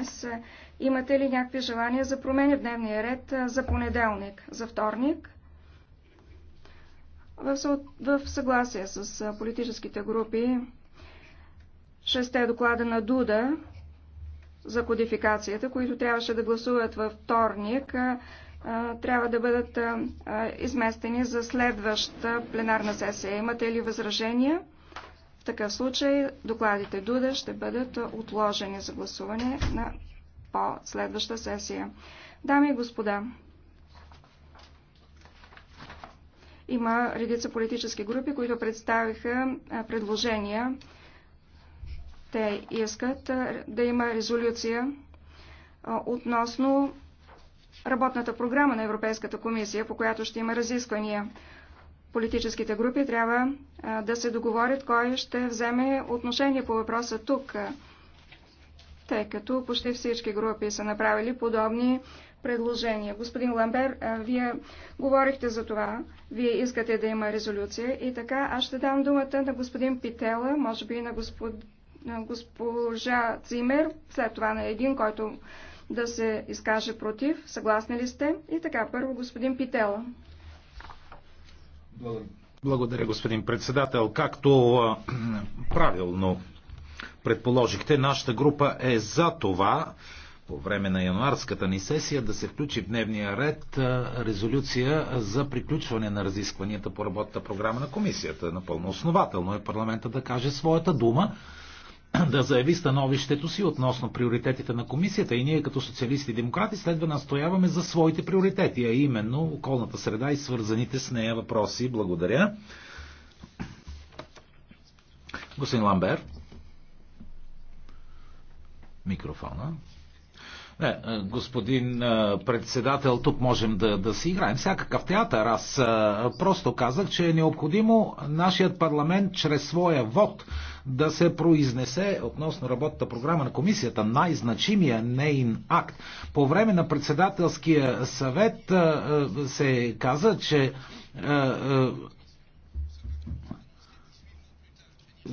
днес. Е, имате ли някакви желания за промени в дневния ред е, за понеделник, за вторник? В съгласие с е, политическите групи, шесте доклада на Дуда за кодификацията, които трябваше да гласуват във вторник, трябва да бъдат изместени за следваща пленарна сесия. Имате ли възражения? В такъв случай докладите Дуда ще бъдат отложени за гласуване на по-следваща сесия. Дами и господа, има редица политически групи, които представиха предложения. Те искат да има резолюция относно работната програма на Европейската комисия, по която ще има разисквания политическите групи трябва да се договорят кой ще вземе отношение по въпроса тук, тъй като почти всички групи са направили подобни предложения. Господин Ламбер, вие говорихте за това, вие искате да има резолюция и така аз ще дам думата на господин Питела, може би и на, господ... на госпожа Цимер, след това на един, който да се изкаже против. Съгласни ли сте? И така, първо господин Питела. Благодаря, господин председател. Както правилно предположихте, нашата група е за това по време на януарската ни сесия да се включи в дневния ред резолюция за приключване на разискванията по работата програма на комисията. Напълно основателно е парламента да каже своята дума да заяви становището си относно приоритетите на комисията и ние като социалисти и демократи следва настояваме за своите приоритети, а именно околната среда и свързаните с нея въпроси. Благодаря. Господин Ламбер. Микрофона. Не, е, господин е, председател, тук можем да, да си играем всякакъв театър. Аз е, просто казах, че е необходимо нашият парламент чрез своя вод да се произнесе относно работната програма на комисията, най-значимия нейн акт. По време на председателския съвет се каза, че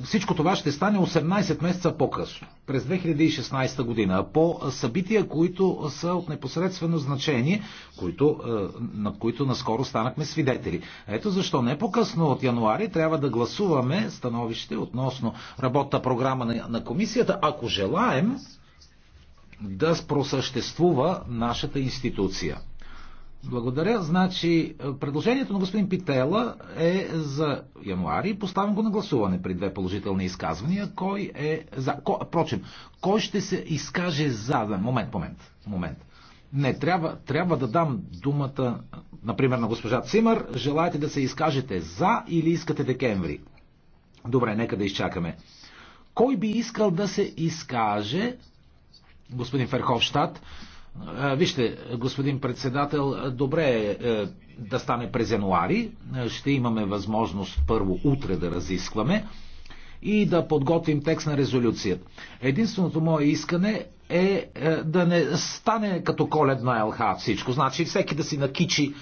всичко това ще стане 18 месеца по-късно, през 2016 година, по събития, които са от непосредствено значение, които, е, на които наскоро станахме свидетели. Ето защо не по-късно от януари трябва да гласуваме становище относно работна програма на комисията, ако желаем да просъществува нашата институция. Благодаря. Значи, предложението на господин Питела е за януари. Поставям го на гласуване при две положителни изказвания. Кой е за? Ко, прочим, кой ще се изкаже за? Момент, момент, момент. Не, трябва, трябва да дам думата, например, на госпожа Цимър. Желаете да се изкажете за или искате декември? Добре, нека да изчакаме. Кой би искал да се изкаже, господин Ферховщад, Вижте, господин председател, добре е, е да стане през януари. Е, ще имаме възможност първо утре да разискваме и да подготвим текст на резолюцията. Единственото мое искане е, е да не стане като коледна ЛХ всичко. Значи всеки да си накичи е,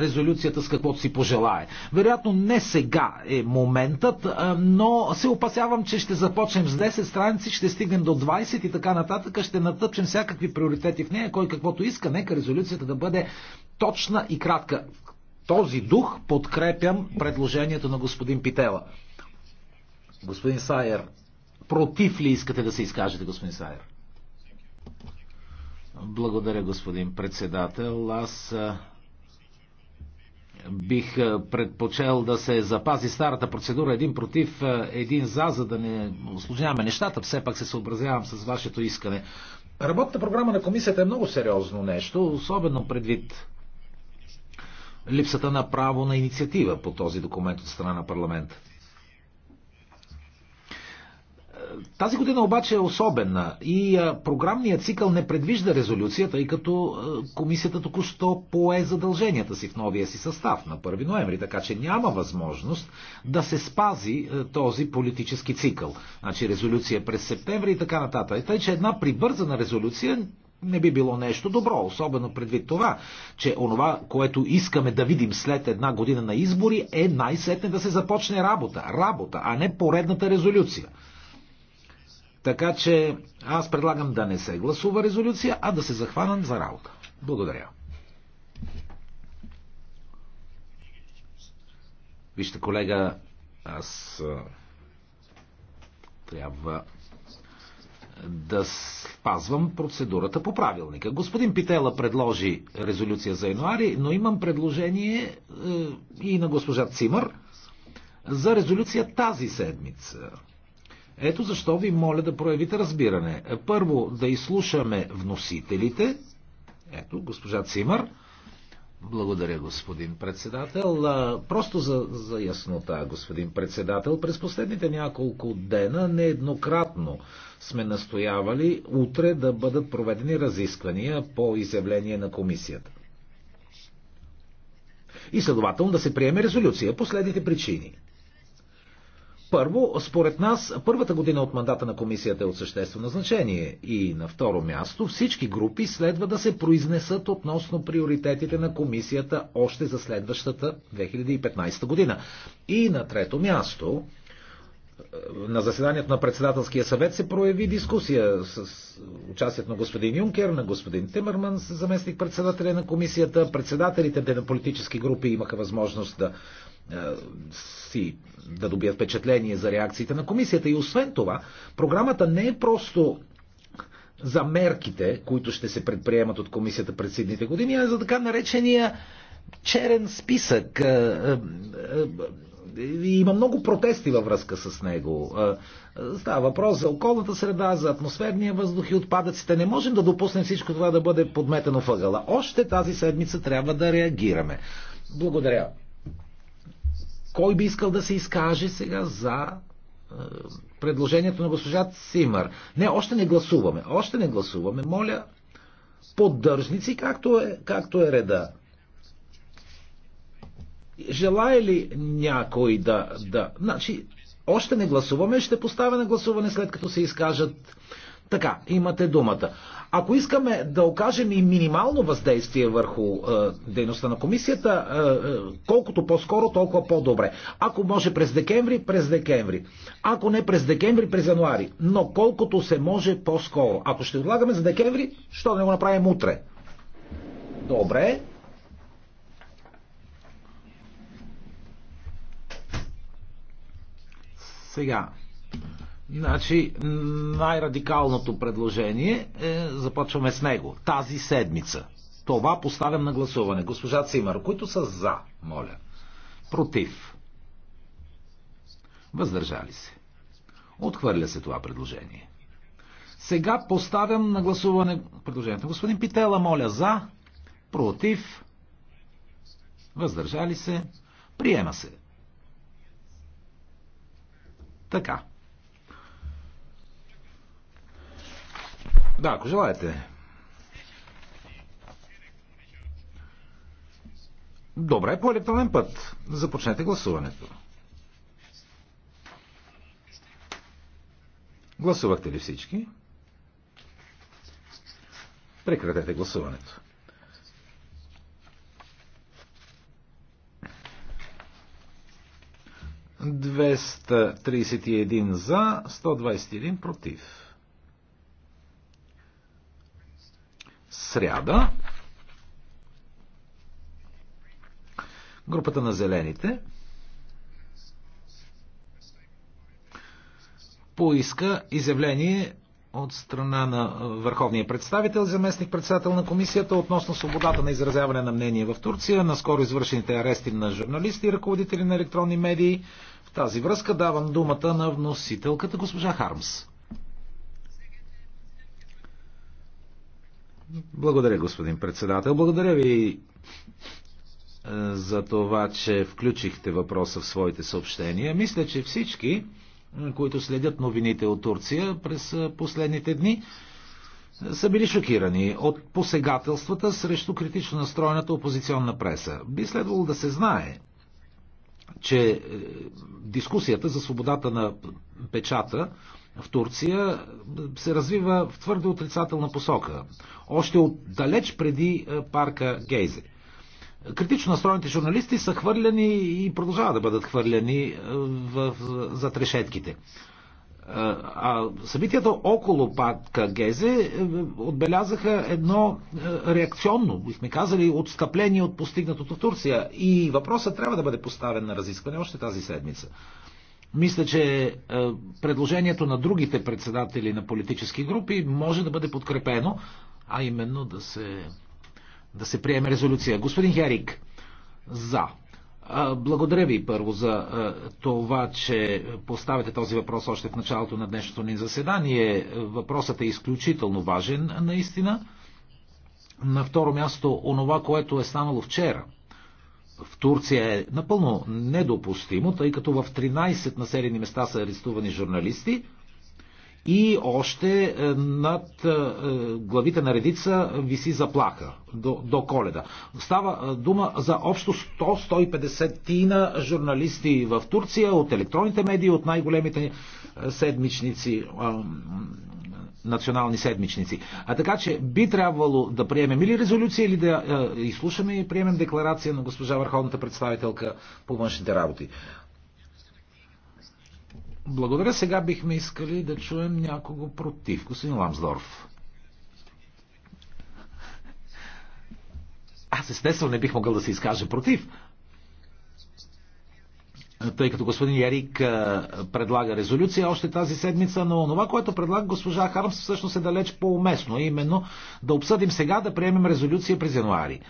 резолюцията с каквото си пожелае. Вероятно не сега е моментът, е, но се опасявам, че ще започнем с 10 страници, ще стигнем до 20 и така нататък, ще натъпчем всякакви приоритети в нея, кой каквото иска, нека резолюцията да бъде точна и кратка. този дух подкрепям предложението на господин Питела. Господин Сайер, против ли искате да се изкажете, господин Сайер? Благодаря, господин председател. Аз бих предпочел да се запази старата процедура един против, един за, за да не осложняваме нещата. Все пак се съобразявам с вашето искане. Работната програма на комисията е много сериозно нещо, особено предвид липсата на право на инициатива по този документ от страна на парламента. Тази година обаче е особена и програмният цикъл не предвижда резолюция, тъй като комисията току-що пое задълженията си в новия си състав на 1 ноември, така че няма възможност да се спази този политически цикъл. Значи резолюция през септември и така нататък. Тъй, че една прибързана резолюция не би било нещо добро, особено предвид това, че онова, което искаме да видим след една година на избори, е най-сетне да се започне работа. Работа, а не поредната резолюция. Така че аз предлагам да не се гласува резолюция, а да се захванам за работа. Благодаря. Вижте, колега, аз трябва да спазвам процедурата по правилника. Господин Питела предложи резолюция за януари, но имам предложение е, и на госпожа Цимър за резолюция тази седмица. Ето защо ви моля да проявите разбиране. Първо да изслушаме вносителите. Ето, госпожа Цимър. Благодаря, господин председател. Просто за, за яснота, господин председател, през последните няколко дена нееднократно сме настоявали утре да бъдат проведени разисквания по изявление на комисията. И следователно да се приеме резолюция последните причини. Първо, според нас, първата година от мандата на комисията е от съществено значение. И на второ място, всички групи следва да се произнесат относно приоритетите на комисията още за следващата 2015 година. И на трето място, на заседанието на председателския съвет се прояви дискусия с участието на господин Юнкер, на господин Тимърман, заместник председателя на комисията. Председателите на политически групи имаха възможност да е, си да добият впечатление за реакциите на комисията. И освен това, програмата не е просто за мерките, които ще се предприемат от комисията през следните години, а за така наречения черен списък. Е, е, има много протести във връзка с него. Става въпрос за околната среда, за атмосферния въздух и отпадъците. Не можем да допуснем всичко това да бъде подметено въгъла. Още тази седмица трябва да реагираме. Благодаря. Кой би искал да се изкаже сега за е, предложението на госпожа Цимър? Не, още не гласуваме. Още не гласуваме. Моля, поддържници, както е, както е реда. Желая ли някой да... да... Значи, още не гласуваме, ще поставя на гласуване след като се изкажат така, имате думата. Ако искаме да окажем и минимално въздействие върху е, дейността на комисията, е, е, колкото по-скоро, толкова по-добре. Ако може през декември, през декември. Ако не през декември, през януари. Но колкото се може по-скоро. Ако ще отлагаме за декември, що да не го направим утре? Добре. Сега, Значи, най-радикалното предложение, е, започваме с него, тази седмица. Това поставям на гласуване. Госпожа Цимър, които са за, моля. Против. Въздържали се. Отхвърля се това предложение. Сега поставям на гласуване предложението. Господин Питела, моля за, против, въздържали се, приема се. Така. Да, ако желаете. Добре, по електронен път. Започнете гласуването. Гласувахте ли всички? Прекратете гласуването. Двеста за, 121 против. сряда. Групата на зелените поиска изявление от страна на върховния представител, заместник председател на комисията относно свободата на изразяване на мнение в Турция, на скоро извършените арести на журналисти и ръководители на електронни медии. В тази връзка давам думата на вносителката госпожа Хармс. Благодаря, господин председател. Благодаря ви е, за това, че включихте въпроса в своите съобщения. Мисля, че всички, които следят новините от Турция през е, последните дни, е, са били шокирани от посегателствата срещу критично настроената опозиционна преса. Би следвало да се знае, че дискусията за свободата на печата в Турция се развива в твърде отрицателна посока. Още от далеч преди е, парка Гейзе. Критично настроените журналисти са хвърляни и продължават да бъдат хвърляни в, е, в, зад решетките. Е, а събитията около парка Гезе отбелязаха едно реакционно, бихме казали, отстъпление от постигнатото в Турция. И въпросът трябва да бъде поставен на разискване още тази седмица. Мисля, че е, предложението на другите председатели на политически групи може да бъде подкрепено, а именно да се, да се приеме резолюция. Господин Херик, за. Е, благодаря ви първо за е, това, че поставяте този въпрос още в началото на днешното ни заседание. Въпросът е изключително важен, наистина. На второ място, онова, което е станало вчера в Турция е напълно недопустимо, тъй като в 13 населени места са арестувани журналисти и още е, над е, главите на редица виси заплаха до, до коледа. Става е, дума за общо 100-150 тина журналисти в Турция от електронните медии, от най-големите седмичници национални седмичници. А така че би трябвало да приемем или резолюция, или да е, изслушаме и приемем декларация на госпожа Върховната представителка по външните работи. Благодаря. Сега бихме искали да чуем някого против. Господин Ламсдорф. Аз естествено не бих могъл да се изкажа против, тъй като господин Ярик предлага резолюция още тази седмица, но това, което предлага госпожа Хармс, всъщност е далеч по-уместно, именно да обсъдим сега, да приемем резолюция през януари.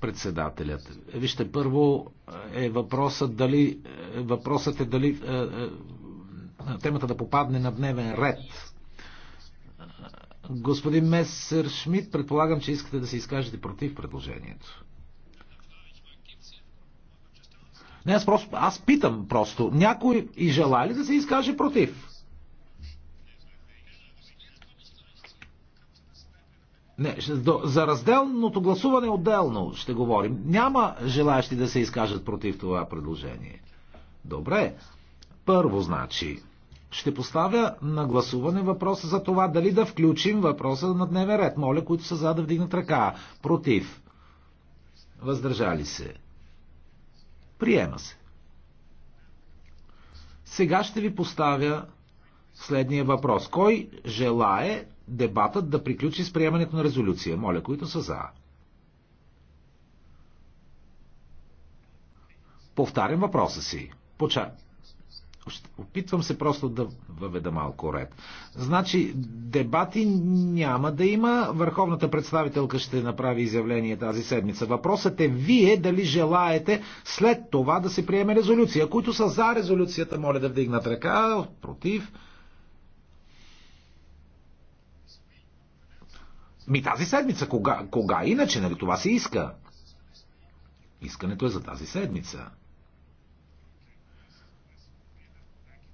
Председателят. Вижте, първо е въпросът дали, е, въпросът е дали е, е, темата да попадне на дневен ред. Господин Месер Шмидт, предполагам, че искате да се изкажете против предложението. Не, аз, просто, аз питам просто. Някой и желая ли да се изкаже против? Не, за разделното гласуване отделно ще говорим. Няма желаящи да се изкажат против това предложение. Добре. Първо, значи, ще поставя на гласуване въпроса за това дали да включим въпроса на дневен ред. Моля, които са за да вдигнат ръка. Против. Въздържали се. Приема се. Сега ще ви поставя следния въпрос. Кой желае дебатът да приключи с приемането на резолюция? Моля, които са за. Повтарям въпроса си. Поча... Опитвам се просто да въведа малко ред. Значи, дебати няма да има. Върховната представителка ще направи изявление тази седмица. Въпросът е вие дали желаете след това да се приеме резолюция. Които са за резолюцията, моля да вдигнат ръка. Против. Ми тази седмица, кога, кога иначе, нали това се иска? Искането е за тази седмица.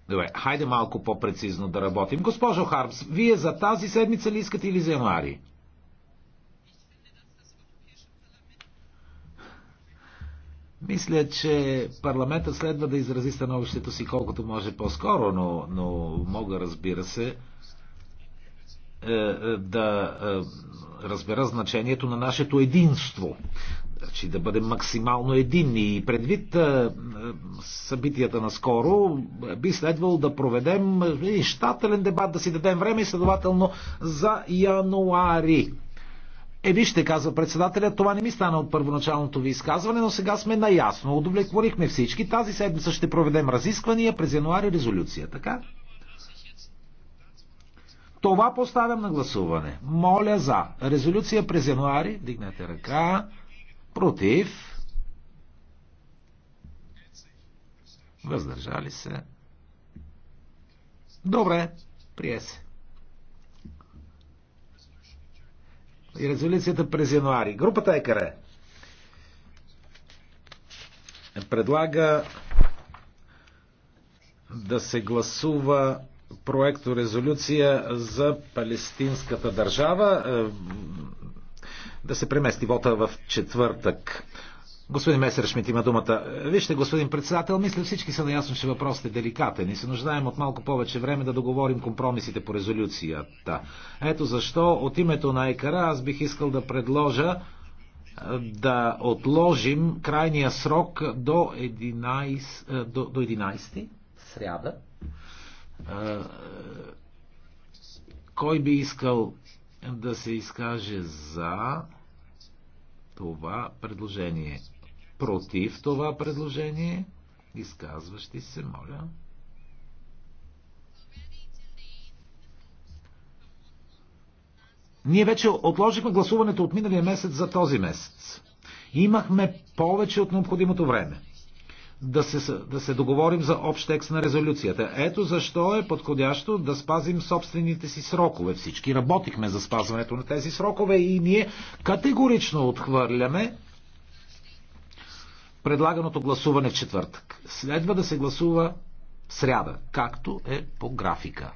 Добре, хайде малко по-прецизно да работим. Госпожо Хармс, вие за тази седмица ли искате или за януари? Мисля, че парламента следва да изрази становището си колкото може по-скоро, но, но мога, разбира се, е, е, да е, разбера значението на нашето единство значи, да бъдем максимално единни. И предвид събитията наскоро, би следвало да проведем един щателен дебат, да си дадем време и следователно за януари. Е, вижте, казва председателя, това не ми стана от първоначалното ви изказване, но сега сме наясно. Удовлетворихме всички. Тази седмица ще проведем разисквания през януари резолюция, така? Това поставям на гласуване. Моля за резолюция през януари. Дигнете ръка. Против. Въздържали се. Добре, прие се. И резолюцията през януари. Групата е каре. предлага да се гласува проекто резолюция за палестинската държава. Е, да се премести вота в четвъртък. Господин Месершмит има думата. Вижте, господин председател, мисля всички са наясно, че въпросът е деликатен и се нуждаем от малко повече време да договорим компромисите по резолюцията. Ето защо от името на ЕКАРА аз бих искал да предложа да отложим крайния срок до 11, до, до 11 сряда. Кой би искал да се изкаже за това предложение. Против това предложение? Изказващи се, моля. Ние вече отложихме гласуването от миналия месец за този месец. Имахме повече от необходимото време да се, да се договорим за общ текст на резолюцията. Ето защо е подходящо да спазим собствените си срокове. Всички работихме за спазването на тези срокове и ние категорично отхвърляме предлаганото гласуване в четвъртък. Следва да се гласува в сряда, както е по графика.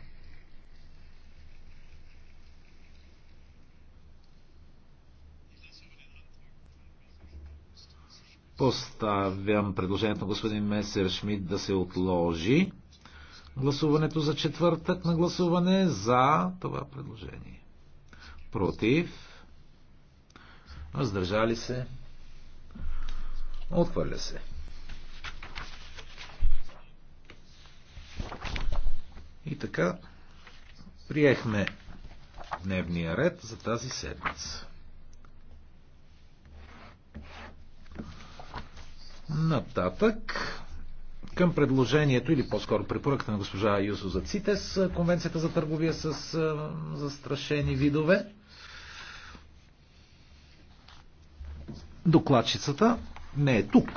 Поставям предложението на господин Месер Шмидт да се отложи гласуването за четвъртък на гласуване за това предложение. Против. Въздържали се. Отхвърля се. И така, приехме дневния ред за тази седмица. Нататък към предложението или по-скоро препоръката на госпожа Юсо за ЦИТЕС, Конвенцията за търговия с застрашени видове. Докладчицата не е тук.